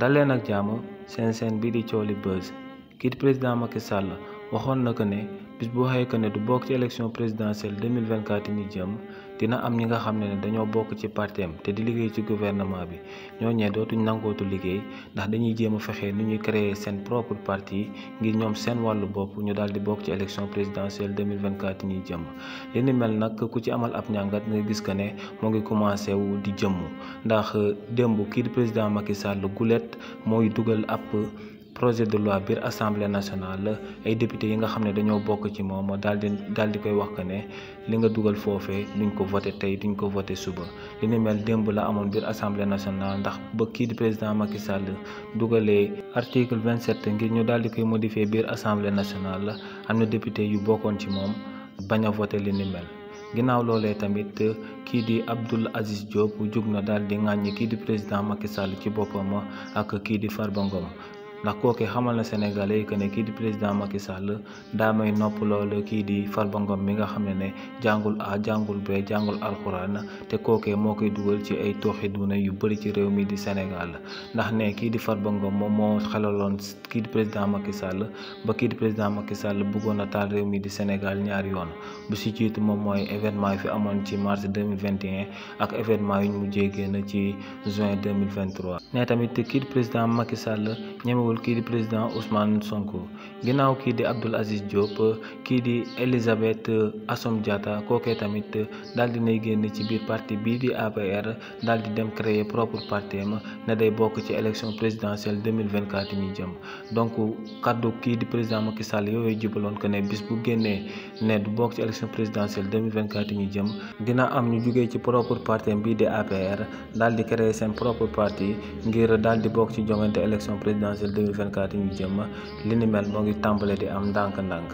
daleen ak jàmm seen seen bii di Thiowli Buzz kii di président Macky Sall waxoon na ko ne bis bu waxee ko ne du bokk ci élection présidentielle 2024 yi ñu jëm dina am ñi nga xam ne ne dañoo bokk ci parteem te di liggéey ci gouvernement bi ñooñee dootuñ nangootu liggéey ndax dañuy jéem a fexe nu ñuy créer seen propre parti ngir ñoom seen wàllu bopp ñu daal di bokk ci élection présidentielle 2024 yi ñuy jëm li ni mel nag ku ci amal ab ñàngat nga gis ko ne moo ngi commencé wu di jëmm ndax démb kiir président Macky Sall gulet mooy dugal ab projet de loi biir assemblée nationale ay député yi nga xam ne dañoo bokk ci moom daal di daal di koy wax que ne li nga dugal foofee duñ ko voté tey duñ ko voté suba li ni démb la amoon biir assemblée nationale ndax ba kii di président Macky Sall dugalee article 27 ngir ñu daal di koy modifier biir assemblée nationale am na député yu bokkoon ci moom bañ a voté li ni mel. ginnaaw loolee tamit kii di Abdoul Aziz Diop jug na daal di ŋàññi kii di président Macky Sall ci boppam ak kii di Farba Ngom ndax kooke xamal na sénégalais yi que ne kii di président Macky Sall daa may nopp loolu kii di Farba Ngom mi nga xam ne ne jàngul a jàngul be jàngul alxuraan te kooke moo koy dugal ci ay tooxi duna yu bëri ci réew mi di Sénégal ndax ne kii di Farba Ngom moom moo xelaloon kii di président Macky Sall ba kii di président Macky Sall bëggoon a taal réew mi di Sénégal ñaari yoon bu si jiitu moom mooy événement yi fi amoon ci mars 2021 ak événement yu ñu mujjee génn ci juin 2023 ne tamit kii di président Macky ñeme qui ki di président Ousmane Sonko ginaaw ki di Abdoul Aziz Diop qui di Elisabeth Assom Diatta kookee tamit daal di nay génn ci biir parti bi di APR daal di dem créer propre parti am ne day bok ci élection présidentielle 2024 ni ñuy jëm donc kaddu ki di président Macky Sall yooyu jubaloon bis bu ne du bokk ci élection présidentielle 2024 ni ñuy jëm dina am ñu jugee ci propre parti bi di APR daal di créer son propre parti ngir daal di bokk ci joŋante élection présidentielle 2024 yi ñu jëm li ni mel moo ngi tàmbale di am ndànk-ndànk.